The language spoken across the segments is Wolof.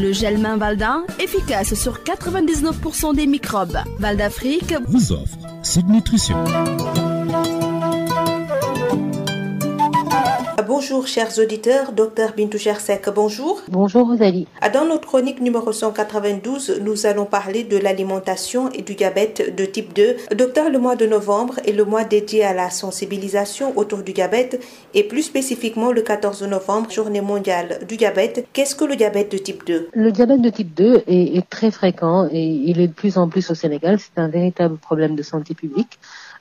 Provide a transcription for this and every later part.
Le gel main Valdin, efficace sur 99% des microbes. Val d'Afrique vous offre cette Bonjour chers auditeurs, docteur Bintou Chersek, bonjour. Bonjour Rosalie. Ah, dans notre chronique numéro 192, nous mois de novembre le mois dédié à la sensibilisation autour du diabète et plus spécifiquement le 14 novembre, journée mondiale du diabète. Qu'est-ce que le diabète de type 2 Le diabète de type 2 est, est très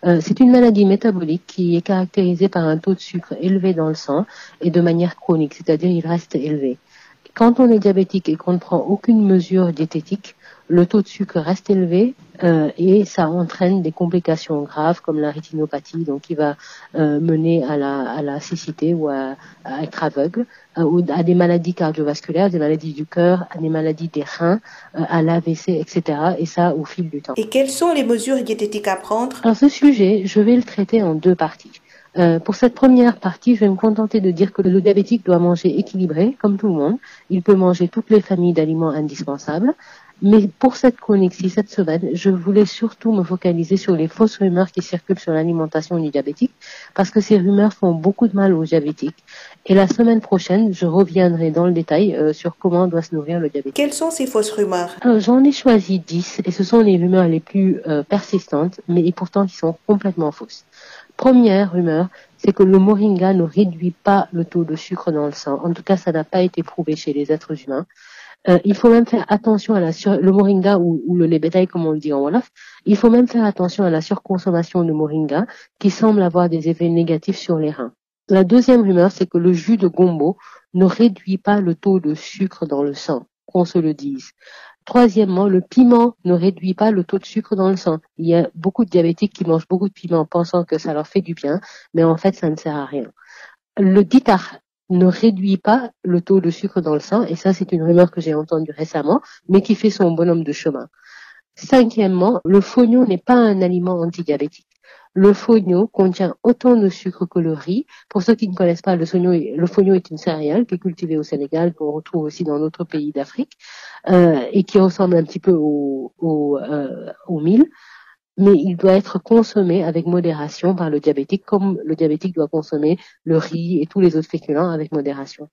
Euh, c'est une maladie métabolique qui est caractérisée par un taux de sucre élevé dans le sang et de manière chronique, c'est-à-dire il reste élevé. Quand on est diabétique et qu'on ne prend aucune mesure diététique, le taux de sucre reste élevé euh, et ça entraîne des complications graves comme la rétinopathie, donc qui va euh, mener à la, la cécité ou à, à être aveugle, euh, ou à des maladies cardiovasculaires, des maladies du cœur, à des maladies des reins, euh, à l'AVC, etc. Et ça au fil du temps. Et quelles sont les mesures diététiques à prendre Alors ce sujet, euh, je vais me contenter de dire que le diabétique doit manger équilibré, comme tout le monde. Il peut manger toutes les familles d'aliments indispensables, Mais pour cette chronique cette semaine, je voulais surtout me focaliser sur les fausses rumeurs qui circulent sur l'alimentation du diabétique, parce que ces rumeurs font beaucoup de mal aux diabétiques. Et la semaine prochaine, je reviendrai dans le détail euh, sur comment doit se nourrir le diabétique. Quelles sont ces fausses rumeurs euh, J'en ai choisi 10, et ce sont les rumeurs les plus euh, persistantes, mais pourtant qui sont complètement fausses. Première rumeur, Euh, il faut même faire attention à la sur le moringa surconsommation de moringa, qui semble avoir des effets négatifs sur les reins. La deuxième rumeur, c'est que le jus de gombo ne réduit pas le taux de sucre dans le sang, qu'on se le dise. Troisièmement, le piment ne réduit pas le taux de sucre dans le sang. Il y a beaucoup de diabétiques qui mangent beaucoup de piment pensant que ça leur fait du bien, mais en fait, ça ne sert à rien. Le ditar, ne réduit pas le taux de sucre dans le sang, et ça c'est une rumeur que j'ai entendue récemment, mais qui fait son bonhomme de chemin. Cinquièmement, le fognon n'est pas un aliment antidiabétique. Le fognon contient autant de sucre que le riz. Pour ceux qui ne connaissent pas, le fognon, le fognon est une céréale qui est cultivée au Sénégal, qu'on retrouve aussi dans d'autres pays d'Afrique, euh, et qui ressemble un petit peu au, au, euh, mais il doit être consommé avec modération par le diabétique, comme le diabétique doit consommer le riz et tous les autres féculents avec modération.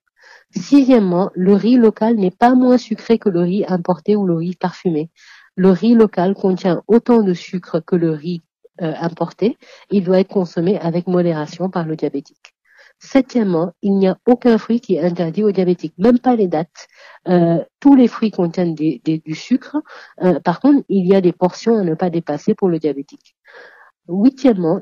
Sixièmement, le riz local n'est pas moins sucré que le riz importé ou le riz parfumé. Le riz local contient autant de sucre que le riz euh, importé. Il doit être consommé avec modération par le diabétique. Septièmement, il n'y a aucun fruit qui est interdit aux diabétiques, même pas les dates. Euh, tous les fruits contiennent du sucre. Euh, par contre, il y a des portions à ne pas dépasser pour le diabétique. Huitièmement,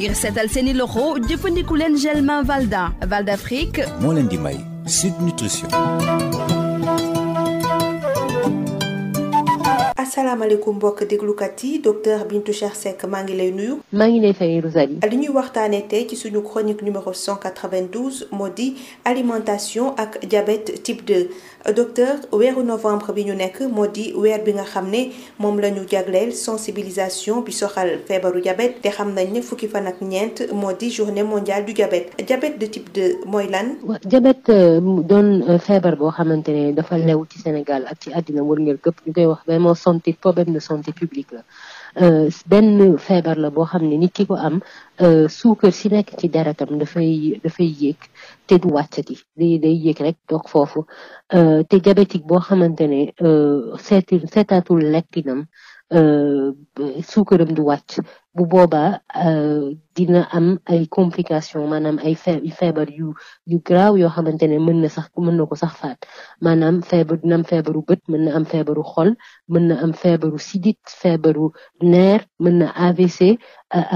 ngir seetal seeni loxo jëfandiku leen gel main Valda Valda Afrique moo leen di may mbokk déglukat yi docteur Bintou Cheikh Seck maa ngi lay nuyu. maa ngi lay fay Rosalie. li ñuy waxtaanee tey ci suñu chronique numéro 192 moo di alimentation ak diabète type docteur weeru novembre bi ñu nekk moo di weer bi nga xam ne moom la ñu jagleel sensibilisation bi soxal feebaru jabet te xam nañ ne fukki fan ak ñeent moo di journée mondiale du diabète jabet de type 2 mooy lan. waaw diabète euh, doon euh, feebar boo xamante ne dafa lew ci Sénégal ak ci àddina war wërngël këpp ñu koy wax vraiment santé problème de santé publique la. Euh, benn feebar la boo xam ne ni ki ko am euh, suukar si nekk ci deretam dafay dafay yéeg te du wàccati day day yéeg rek toog foofu euh, te diabétique boo xamante ne seeti seetaatul lekkinam suukaram du wàcc bu boobaa dina am ay complication maanaam ay feebar yu yu graaw yoo xamante ne mën na sax mën na ko sax faat maanaam feebar dina am feebaru bët mën na am feebaru xol mën na am feebaru sidit feebaru neer mën na AVC eh,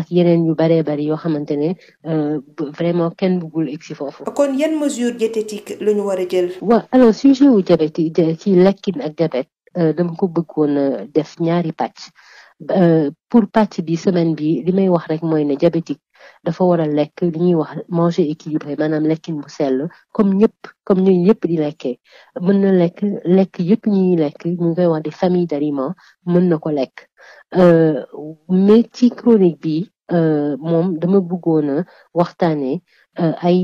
ak yeneen yu baree bari yoo xamante ne eh, vraiment kenn bëggul egg si foofu. kon yan mesure diététique la ñu war a jël. waaw alors sujet wu diabète ci lekkin ak diabète Euh, dama ko bëggoon euh, def ñaari pàcc euh, pour pàcc bi semaine bi li may wax rek mooy ne diabétique dafa waral lekk li ñuy wax manger équilibré maanaam lekkin bu sell comme ñëpp comme ñun ñëpp di lekkee mën na lekk lekk yëpp ñuy lekk ñu koy wax des familles d'aliments mën na ko lekk mais ci chronique bi moom dama buggoon a waxtaanee ay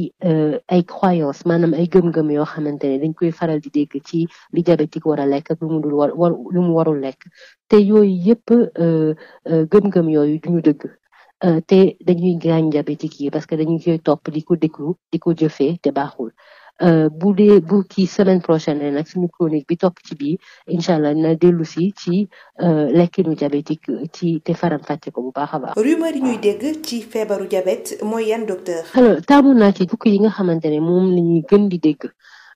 ay croyance maanaam ay gëm-gëm yoo xamante ne dañ koy faral di dégg ci li diabétique war a lekk ak lu mu dul war lu mu warul lekk te yooyu yëpp gëm-gëm yooyu duñu dëgg te dañuy gaañ diabétique yi parce que dañu koy topp di ko déglu di ko jëfee te baaxul Euh, bu dee bu kii semaine prochaine nag suñu chronique bi topp ci bii incha allah na dellu si ci euh, lekkinu diabétique ci te faram fàcce ko bu baax a baax. ñuy dégg ci feebaru diabète mooy yan docteur. alors naa ci bukk yi nga xamante ne moom la ñuy gën di dégg.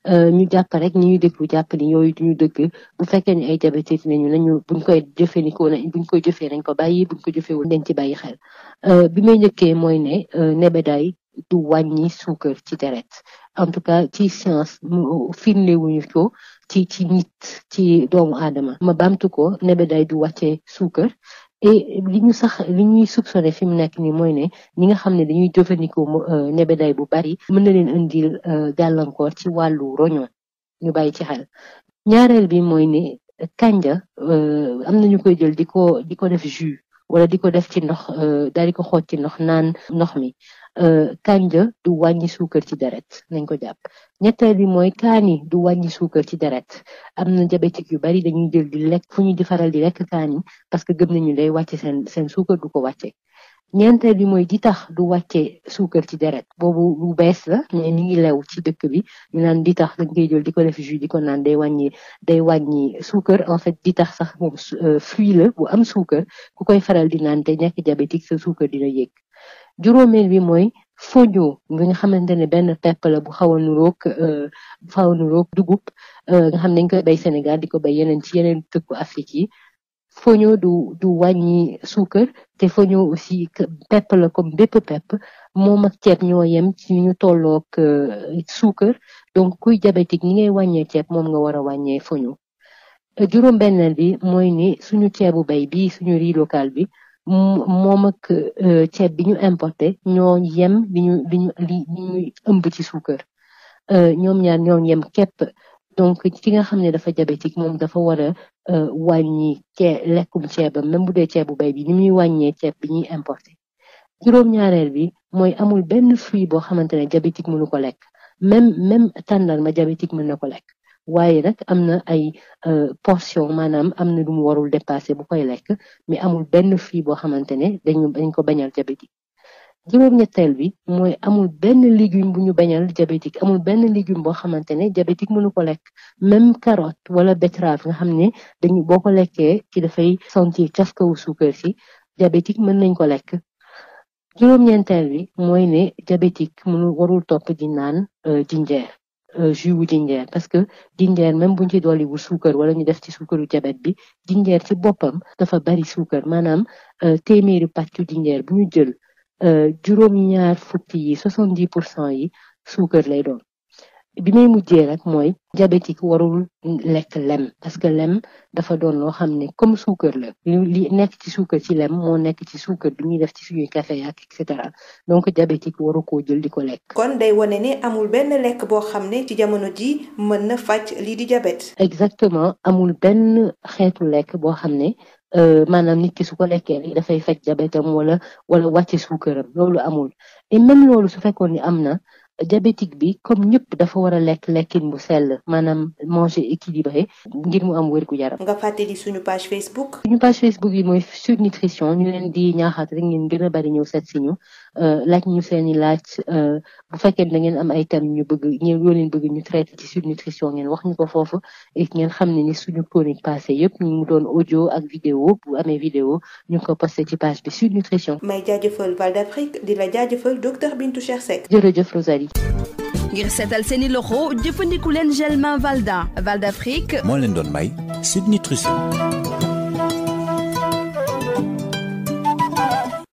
Euh, ñu jàpp rek ñi ñu déglu jàpp ni yooyu duñu dëgg bu fekkee ni ay diabétique nañu nañu buñ koy jëfandikoo na buñ koy jëfee nañ ko bàyyi buñ ko jëfewul nañ ci bàyyi xel bi may njëkkee mooy ne nebeday du wàññi suukar ci deret en tout cas ci science firnde wuñu ko ci ci nit ci doomu aadama ma bamtu ko nebedaay du wàcce suukar et li ñu sax li ñuy soupçonné fi mu nekk nii mooy ne ñi nga xam ne dañuy jëfandikoo euh, nebedaay bu bari mën na leen indil euh, gàllankoor ci wàllu roño ñu bàyyi ci xel ñaareel bi mooy ne kanja euh, am na ñu koy jël di ko di ko def jus wala di ko def ci ndox euh, daal di ko xooj ci ndox naan ndox mi euh, kanja du wàññi suukar ci deret nañ ko jàpp ñetteel bi mooy kaani du wàññi suukar ci deret am na diabétique yu bari dañuy jël di lekk fu ñuy di faral di lekk kaani parce que gëm nañu day wàcce seen seen suukar du ko wàcce ñeenteer bi mooy di tax du wàccee suukar ci deret boobu lu bees la mais ni ngi lew ci dëkk bi ñu naan di tax dañ koy jël di ko def di ko naan day wàññi day wàññi suukar en fait di sax moom euh, fruit la bu am suukar ku koy faral di naan te nekk diabétique sa suukar dina yéeg juróomeel bi mooy foño bi nga xamante ne benn pepp la bu xaw a nuroog euh, xaw a nuroog dugub euh, nga xam ne dañ koy bay Sénégal di ko bay yeneen ci yeneen dëkku Afrique yi foño du du wàññi suukar te foño aussi pepp la comme bépp pepp moom ak ceeb ñoo yem ci ñu tolloog euh, suukar donc kuy diabétique ni ngay wàññee ceeb moom nga war a wàññee foño juróom benneel bi mooy ni suñu ceebu bay bi suñu riz local bi moom ak euh, ceeb bi ñu importé ñoo yem li ñu ëmb ci suukar euh, ñoom ñaar ñoo yem képp donc ki nga xam ne dafa diabétique moom dafa war a euh, wàññi ceeb lekkum ceebam même bu dee ceebu bay bi ni muy wàññee ceeb bi ñuy importé juróom-ñaareel bi mooy amul benn fruit boo xamante ne diabétique mënu ko lekk même même tàndarma diabétique mën na ko lekk waaye nag am na ay euh, portion maanaam am na lu mu warul dépassé bu koy lekk mais amul benn fruit boo xamante ne dañu dañ ko bañal diabétique juróom-ñetteel bi mooy amul benn légume bu ñu bañal diabétique amul benn légume boo xamante ne diabétique mënu ko lekk même carotte wala betterave nga xam ne dañu boo ko lekkee ki dafay sentir cafkawu suukar si diabétique mën nañ ko lekk juróom-ñeenteel bi mooy ne diabétique mënu warul topp di naan euh, jinjeer euh, jus wu jinjeer parce que jinjeer même buñ ci dolli bu suukar wala ñu def ci suukaru jabet bi jinjeer ci boppam dafa bari suukar maanaam euh, téeméeri pàccu jinjeer bu ñu jël Euh, juróom ñaar fukki yi soixante dix pour cent yi suukar lay doon bi may mujjee rek mooy diabétique warul lekk lem parce que lem dafa doon loo xam ne comme suukar la li nekk ci suukar ci lem moo nekk ci suukar bi ñuy def ci suñuy café ak et cetera donc diabétique waru koo jël di ko lekk. kon day wane ne amul benn lekk boo xam ne ci jamono ji mën na faj lii di diabète. exactement amul benn xeetu lekk boo xam ne maanaam nit ki su ko lekkee li dafay faj jabetam wala wala wàcce suukaram loolu amul et même loolu su fekkoon ni am na diabétique bi comme ñëpp dafa war a lekk lekkin bu sell maanaam manger équilibré ngir mu am wérgu yaram. nga fàttali suñu page Facebook. suñu page Facebook yi mooy sur nutrition ñu leen di ñaaxaat rek ngeen gën a bari ñëw seet si ñu euh, ñu seen i laaj euh, bu fekkee da ngeen am ay thèmes ñu bëgg ñëw yoo leen bëgg ñu traité ci sur nutrition ngeen wax ñu ko foofu et ngeen xam ne ni suñu chronique passé yëpp mu doon audio ak vidéo bu amee vidéo ñu ngi ko posté ci page bi su nutrition. may jaajëfal Val d'Afrique di la jaajëfal docteur Bintou Cheikh Seck. ngir seetal seeni loxo jëfandiku leen gel main Valda Val d'Afrique moo leen doon may Sud Nutrition